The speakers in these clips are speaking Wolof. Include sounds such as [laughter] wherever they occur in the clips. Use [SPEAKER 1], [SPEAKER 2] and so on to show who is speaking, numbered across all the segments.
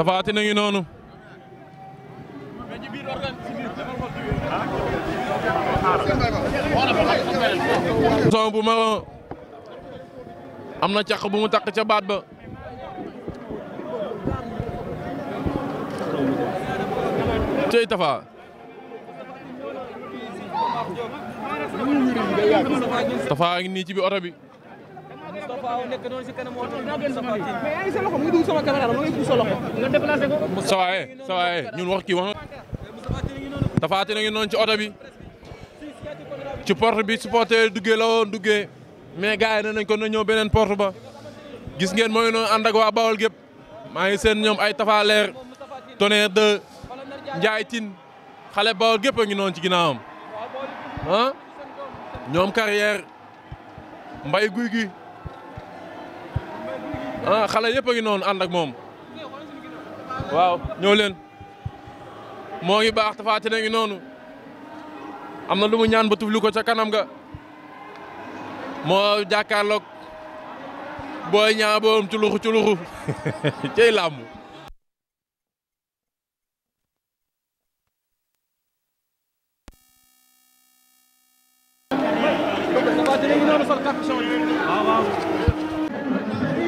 [SPEAKER 1] Tapha Tine ngi noonu. son bu ma am na caq bu mu takk ca baat ba. cey Tapha. Tapha ngi nii ci bi oto bi. Moustapha nekk eh, eh. ñun wax kii wax Tapha Tine ngi noonu ci oto bi ci porte bi supporter duggee la dugge duggee mais gars yi ne nañ beneen porte ba gis ngeen mooy noonu ànd ak waa Bawol gépp maa ngi seen ñoom ay Tapha Leer Tonnerre de Ndiaye Tine xale Bawol gépp a ngi noonu ci ginnaawam ah? ñoom carrière mbay guy gi ah xale yëpp a ngi noonu ànd ak moom waaw ñëw moo ngi baax Tapha noonu am na lu mu ñaan ba ca kanam ga moo jàkkaarloog booy ñaa boom ci luxu ci luxu [laughs] cey làmb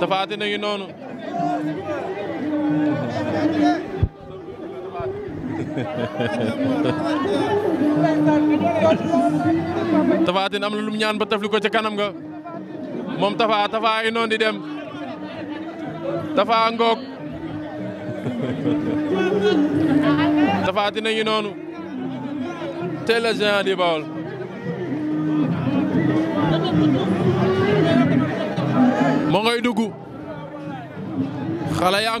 [SPEAKER 1] Tapha Tine a ngi noonu Tapha Tine am na ba tafli ko ca kanam nga moom Tapha Tapha a ngi noonu di dem Tapha ngoog Tapha Tine noonu teel a géant ma ngay dugg xale yaa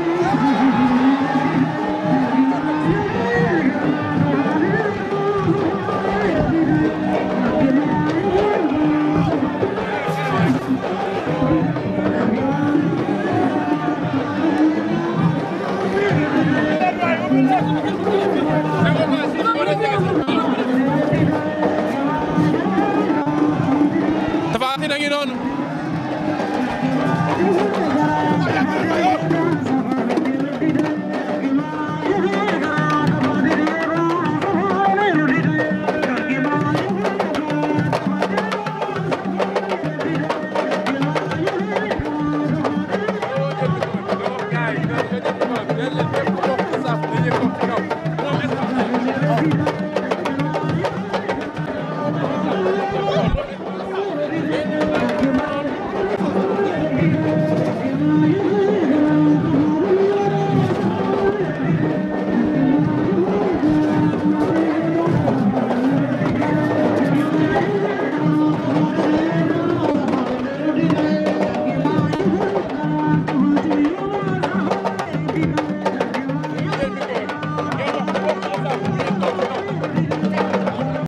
[SPEAKER 1] Tapha Tine a ngi noonu